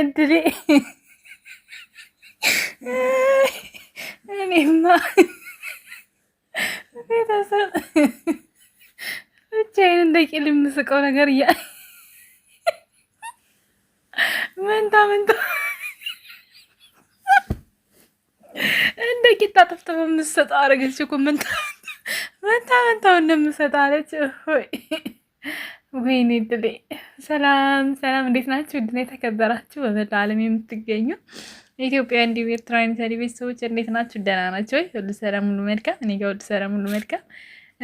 እድሌ እኔማ ቤተሰብ ብቻዬን እንደ ቂል የምስቀው ነገር እያ መንታ መንታ እንደ ቂጣ ጥፍጥፍ የምትሰጠው አደረገች እኮ መንታ መንታ መንታውን እንደምሰጠው አለች ሆይ ወይኔ ድሌ። ሰላም ሰላም፣ እንዴት ናችሁ? ውድና የተከበራችሁ በመላው ዓለም የምትገኙ ኢትዮጵያ እንዲሁ ኤርትራ ኢታሊ ቤተሰቦች እንዴት ናችሁ? ደህና ናቸው ወይ? ሁሉ ሰላም ሁሉ መልካም፣ እኔ ጋር ሁሉ ሰላም ሁሉ መልካም፣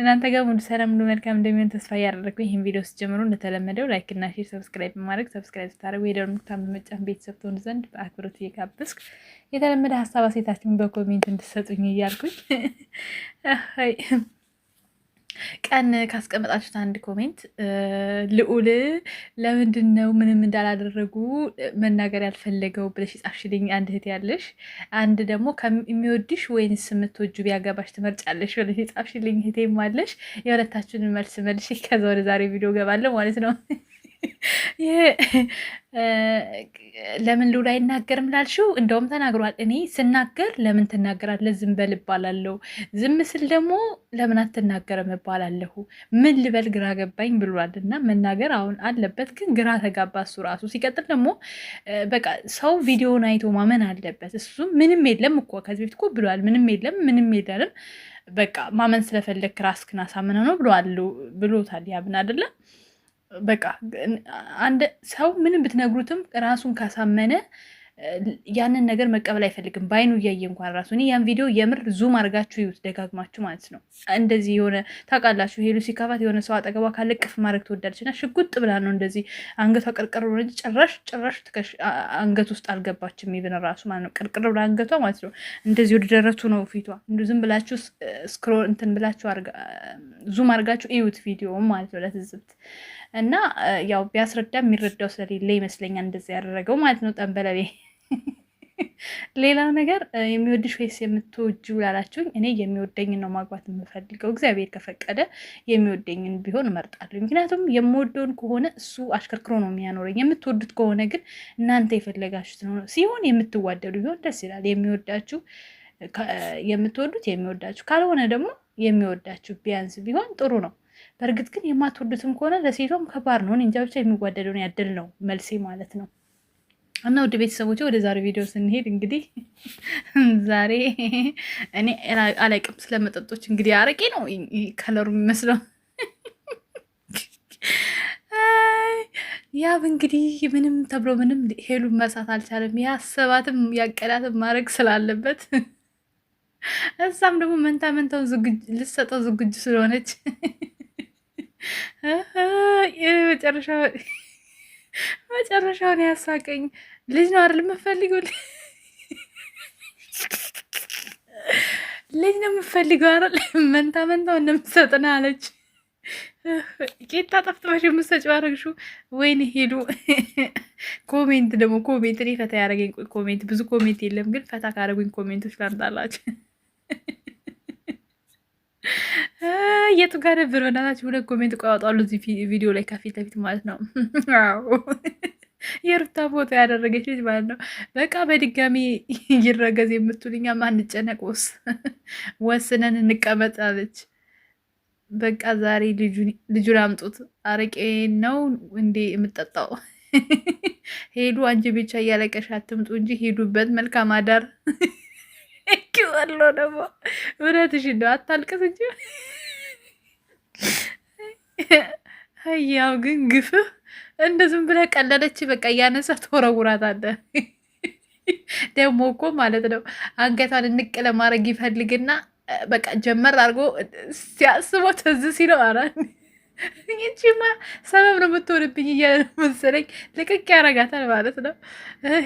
እናንተ ጋር ሁሉ ሰላም ሁሉ መልካም እንደሚሆን ተስፋ እያደረግኩ ይህን ቪዲዮ ስጀምሩ እንደተለመደው ላይክ እና ሼር፣ ሰብስክራይብ በማድረግ ሰብስክራይብ ስታደርጉ የደወል ምልክቱን በመጫን ቤተሰብ ትሆኑ ዘንድ በአክብሮት እየጋበዝኩ የተለመደ ሀሳብ አሴታችሁን በኮሜንት እንድትሰጡኝ እያልኩኝ ቀን ካስቀመጣችሁት አንድ ኮሜንት ልዑል ለምንድን ነው ምንም እንዳላደረጉ መናገር ያልፈለገው ብለሽ ጻፍሽልኝ። አንድ እህት ያለሽ፣ አንድ ደግሞ የሚወድሽ ወይንስ የምትወጁ ቢያገባሽ ትመርጫለሽ ብለሽ ጻፍሽልኝ። እህቴም አለሽ። የሁለታችሁን መልስ መልሽ። ከዛ ወደ ዛሬ ቪዲዮ ገባለሁ ማለት ነው። ለምን ሉላ አይናገርም ላልሽው፣ እንደውም ተናግሯል። እኔ ስናገር ለምን ትናገራለህ ዝም በል እባላለሁ፣ ዝም ስል ደግሞ ለምን አትናገርም እባላለሁ። ምን ልበል ግራ ገባኝ ብሏል። እና መናገር አሁን አለበት፣ ግን ግራ ተጋባ እሱ ራሱ። ሲቀጥል ደግሞ በቃ ሰው ቪዲዮን አይቶ ማመን አለበት። እሱም ምንም የለም እኮ ከዚህ በፊት እኮ ብሏል። ምንም የለም ምንም የለንም በቃ ማመን ስለፈለግ ራስክን አሳምነህ ነው ብሎታል። ያብን አይደለም በቃ አንድ ሰው ምንም ብትነግሩትም ራሱን ካሳመነ ያንን ነገር መቀበል አይፈልግም። በአይኑ እያየ እንኳን ራሱ እኔ ያን ቪዲዮ የምር ዙም አድርጋችሁ ይዩት ደጋግማችሁ ማለት ነው። እንደዚህ የሆነ ታውቃላችሁ፣ ሄሉ ሲከፋት የሆነ ሰው አጠገቧ ካለ ቅፍ ማድረግ ትወዳለች እና ሽጉጥ ብላ ነው እንደዚህ አንገቷ ቅርቅር ብሎ እንጂ ጭራሽ ጭራሽ አንገት ውስጥ አልገባችም። ይብን ራሱ ማለት ነው ቅርቅር ብላ አንገቷ ማለት ነው እንደዚህ ወደ ደረቱ ነው ፊቷ። ዝም ብላችሁ ስክሮ እንትን ብላችሁ ዙም አድርጋችሁ እዩት ቪዲዮ ማለት ነው ለትዝብት እና ያው ቢያስረዳ የሚረዳው ስለሌለ ይመስለኛል እንደዚህ ያደረገው ማለት ነው ጠንበለሌ ሌላ ነገር የሚወድሽ ወይስ የምትወጁ ላላችሁኝ፣ እኔ የሚወደኝን ነው ማግባት የምፈልገው። እግዚአብሔር ከፈቀደ የሚወደኝን ቢሆን እመርጣለሁ። ምክንያቱም የምወደውን ከሆነ እሱ አሽከርክሮ ነው የሚያኖረኝ። የምትወዱት ከሆነ ግን እናንተ የፈለጋችሁት ነው ሲሆን የምትዋደዱ ቢሆን ደስ ይላል። የሚወዳችሁ የምትወዱት የሚወዳችሁ ካልሆነ ደግሞ የሚወዳችሁ ቢያንስ ቢሆን ጥሩ ነው። በእርግጥ ግን የማትወዱትም ከሆነ ለሴቷም ከባድ ነው። እንጃ ብቻ የሚዋደደውን ያደል ነው መልሴ ማለት ነው። እና ውድ ቤተሰቦች ወደ ዛሬ ቪዲዮ ስንሄድ እንግዲህ ዛሬ እኔ አላቅም ስለ መጠጦች እንግዲህ አረቄ ነው ከለሩ የሚመስለው። ያብ እንግዲህ ምንም ተብሎ ምንም ሄሉን መርሳት አልቻለም። ያሰባትም ያቀዳትም ማድረግ ስላለበት እዛም ደግሞ መንታ መንታውን ልሰጠው ዝግጁ ስለሆነች መጨረሻውን ያሳቀኝ ልጅ ነው አይደል የምፈልገው? ልጅ ነው የምፈልገው አይደል? መንታ መንታው እንደምትሰጥና አለች። ጌታ ጠፍጥመሽ የምትሰጪው አደረግሽው። ወይኔ ሄዱ። ኮሜንት ደግሞ ኮሜንት እኔ ፈታ ያደረገኝ ኮሜንት፣ ብዙ ኮሜንት የለም ግን ፈታ ካደረጉኝ ኮሜንቶች ላምጣላችሁ። የቱ ጋር ነበር በእናታችሁ? ሁለት ኮሜንት ቆያወጣሉ እዚህ ቪዲዮ ላይ ከፊት ለፊት ማለት ነው። የሩታ ቦታ ያደረገች ልጅ ማለት ነው። በቃ በድጋሚ ይረገዝ የምትሉኛ ማንጨነቅ ወስነን እንቀመጥ አለች። በቃ ዛሬ ልጁን አምጡት። አረቄ ነው እንዴ የምጠጣው? ሄዱ አንቺ ብቻ እያለቀሽ አትምጡ እንጂ ሄዱበት። መልካም አዳር ኪዋሎ ደግሞ እውነትሽ ነው። አታልቅስ እንጂ ያው ግን ግፍህ እንደ ዝም ብለህ ቀለለች፣ በቃ እያነሳ ተወረውራት አለ። ደግሞ እኮ ማለት ነው አንገቷን እንቅ ለማድረግ ይፈልግና በቃ ጀመር አድርጎ ሲያስበው ትዝ ሲለው አረ ይቺማ ሰበብ ነው የምትሆንብኝ እያለ ነው መሰለኝ ልቅቅ ያረጋታል ማለት ነው።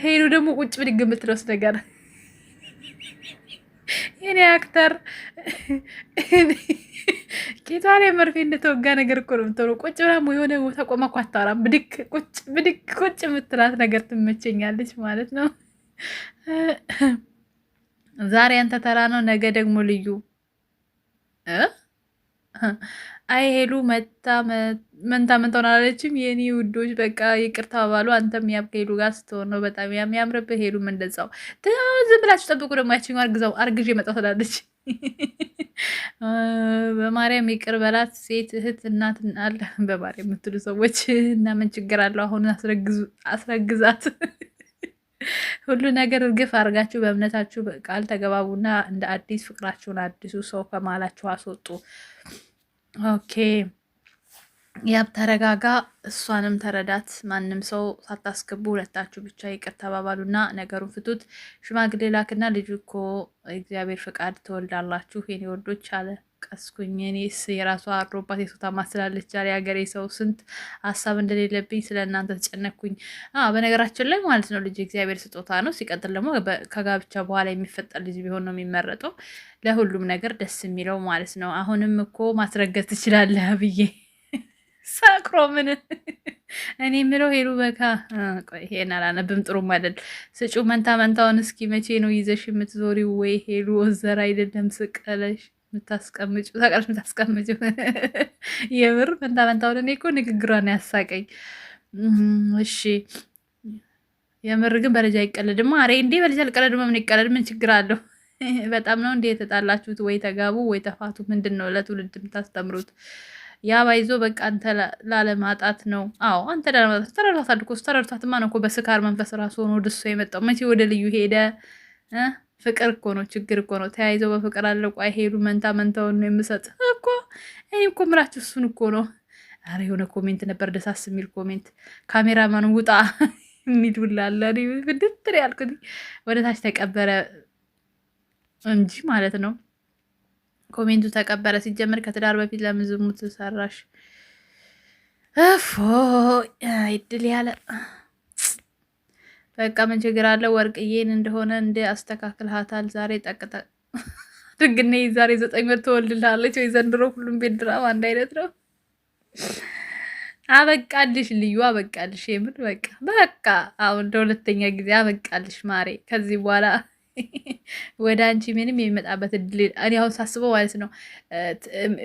ሄዱ ደግሞ ቁጭ ብድግ የምትለውስ ነገር የኔ አክተር ጌታ ላይ መርፌ እንደተወጋ ነገር እኮ ነው የምትሆነው። ቁጭ ብላ የሆነ ቦታ ቆማ እኮ አታወራም። ብድክ ቁጭ ብድክ ቁጭ የምትላት ነገር ትመቸኛለች ማለት ነው። ዛሬ አንተ ተራ ነው፣ ነገ ደግሞ ልዩ። አይ ሄሉ መታ መንታ መንታ ሆናለችም። የኔ ውዶች በቃ ይቅርታ ባሉ አንተም ያብ ከሄሉ ጋር ስትሆን ነው በጣም ያምርብህ። ሄሉ እንደዛው ዝም ብላችሁ ጠብቁ። ደግሞ ያችኛው አርግዛው አርግዤ መጣሁ ትላለች። በማርያም ይቅር በላት ሴት እህት እናት አለ በባር የምትሉ ሰዎች እና ምን ችግር አለው? አሁን አስረግዛት። ሁሉ ነገር እርግፍ አድርጋችሁ በእምነታችሁ ቃል ተገባቡና እንደ አዲስ ፍቅራችሁን አድሱ። ሰው ከማላችሁ አስወጡ። ኦኬ ያብ ተረጋጋ፣ እሷንም ተረዳት። ማንም ሰው ሳታስገቡ ሁለታችሁ ብቻ ይቅር ተባባሉና ነገሩን ፍቱት። ሽማግሌ ላክና ልጁ እኮ እግዚአብሔር ፈቃድ ትወልዳላችሁ የኔ ወዶች አለ። ቀስኩኝ እኔስ የራሷ አድሮባት የሶታ ማስላለች ያ የሀገሬ ሰው ስንት ሀሳብ እንደሌለብኝ ስለ እናንተ ተጨነኩኝ። በነገራችን ላይ ማለት ነው ልጅ እግዚአብሔር ስጦታ ነው። ሲቀጥል ደግሞ ከጋብቻ በኋላ የሚፈጠር ልጅ ቢሆን ነው የሚመረጠው፣ ለሁሉም ነገር ደስ የሚለው ማለት ነው። አሁንም እኮ ማስረገዝ ትችላለህ ብዬ ሳክሮ ምን እኔ የምለው ሄሉ በካ ይሄን አላነብም። ጥሩ አይደል? ስጩ መንታ መንታውን እስኪ መቼ ነው ይዘሽ የምትዞሪው? ወይ ሄሉ ወዘር አይደለም ስቀለሽ ምታስቀምጭ ሰቀለሽ ምታስቀምጭ የብር መንታ መንታውን። እኔ እኮ ንግግሯን ያሳቀኝ። እሺ የምር ግን በልጅ አይቀለድማ። አሬ እንዴ በልጅ አልቀለድማ። ምን ይቀለድ? ምን ችግር አለው? በጣም ነው እንዴ የተጣላችሁት? ወይ ተጋቡ ወይ ተፋቱ። ምንድን ነው ለትውልድ የምታስተምሩት? ያ ባይዞ በቃ አንተ ላለማጣት ነው። አዎ አንተ ላለማጣት ተረርታት አድርጎ ተረርታትማ ነው እኮ በስካር መንፈስ ራሱ ሆኖ ድሶ የመጣው መቼ ወደ ልዩ ሄደ። ፍቅር እኮ ነው፣ ችግር እኮ ነው። ተያይዘው በፍቅር አለቁ አይሄዱ። መንታ መንታውን ነው የምሰጥ እኮ እኔ እኮ ምላችሁ እሱን እኮ ነው። አረ የሆነ ኮሜንት ነበር ደሳስ የሚል ኮሜንት፣ ካሜራማን ውጣ የሚሉላለ ብድትር ያልኩት ወደ ታች ተቀበረ እንጂ ማለት ነው። ኮሜንቱ ተቀበረ። ሲጀምር ከትዳር በፊት ለምን ዝሙት ሰራሽ? እፎ ይድል ያለ በቃ ምን ችግር አለው? ወርቅዬን እንደሆነ እንደ አስተካክልሃታል። ዛሬ ጠቅጠ ድግነ ዛሬ ዘጠኝ ወር ትወልድልሃለች ወይ? ዘንድሮ ሁሉም ቤት ድራማ አንድ አይነት ነው። አበቃልሽ ልዩ አበቃልሽ። የምን በቃ በቃ አሁን ለሁለተኛ ጊዜ አበቃልሽ ማሬ ከዚህ በኋላ ወደ አንቺ ምንም የሚመጣበት እድል እኔ አሁን ሳስበው ማለት ነው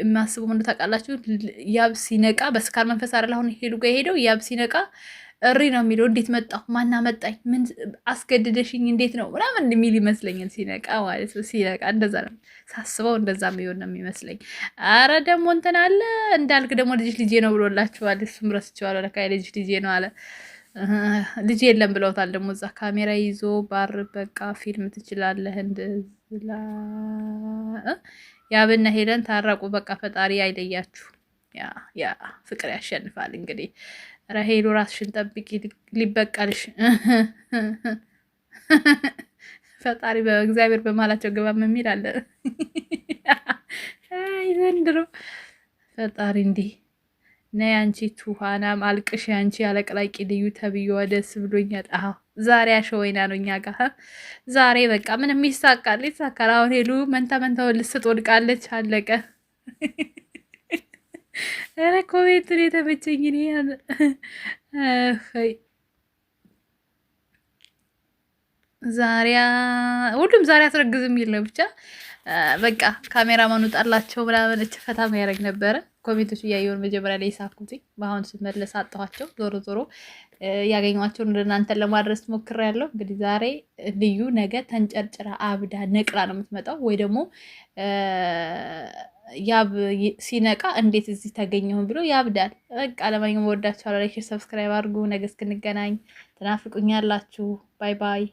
የማስበው ምንድን ታውቃላችሁ? ያብ ሲነቃ በስካር መንፈስ አይደል አሁን ሄዱ ጋር ሄደው ያብ ሲነቃ እሪ ነው የሚለው። እንዴት መጣሁ? ማና መጣኝ? ምን አስገድደሽኝ? እንዴት ነው ምናምን የሚል ይመስለኛል ሲነቃ ማለት ነው። ሲነቃ እንደዛ ነው ሳስበው፣ እንደዛ የሚሆን ነው የሚመስለኝ። አረ ደግሞ እንትን አለ እንዳልክ ደግሞ ልጅ ልጄ ነው ብሎላችኋል። እሱም ረስቼዋለሁ። ለካ ልጅ ልጄ ነው አለ ልጅ የለም ብለውታል። ደግሞ እዛ ካሜራ ይዞ ባር በቃ ፊልም ትችላለህ። ያብና ሄደን ታረቁ። በቃ ፈጣሪ አይለያችሁ። ያ ፍቅር ያሸንፋል። እንግዲህ ረሄሉ ራስሽን ጠብቂ፣ ሊበቀልሽ ፈጣሪ በእግዚአብሔር በማላቸው ገባም የሚል አለ ዘንድሮ ፈጣሪ እንዲህ ነይ አንቺ ትኋናም አልቅሽ አንቺ አለቅላቂ ልዩ ተብዬዋ ደስ ብሎኛል። አዎ ዛሬ አሸወይና ነው እኛ ጋር ዛሬ በቃ ምንም ይሳካል ይሳካል። አሁን ሄሉ መንታ መንታውን ልስጥ ወድቃለች። አለቀ። ኧረ ኮሜንትን የተመቸኝ ዛሬ ሁሉም ዛሬ አስረግዝም የሚል ነው ብቻ በቃ ካሜራማኑ ጣላቸው ምናምን እች ፈታ ያደረግ ነበረ። ኮሜንቶች እያየውን መጀመሪያ ላይ የሳኩትኝ በአሁን ስመለስ አጠኋቸው። ዞሮ ዞሮ ያገኟቸውን ወደ እናንተ ለማድረስ ያለው እንግዲህ ዛሬ ልዩ ነገ ተንጨርጭራ አብዳ ነቅራ ነው የምትመጣው ወይ ደግሞ ያብ ሲነቃ እንዴት እዚህ ተገኘሁን ብሎ ያብዳል። በቃ ለማንኛውም ወዳችኋለሁ። ላይክ፣ ሰብስክራይብ አድርጉ። ነገ እስክንገናኝ ትናፍቁኛላችሁ። ባይ ባይ።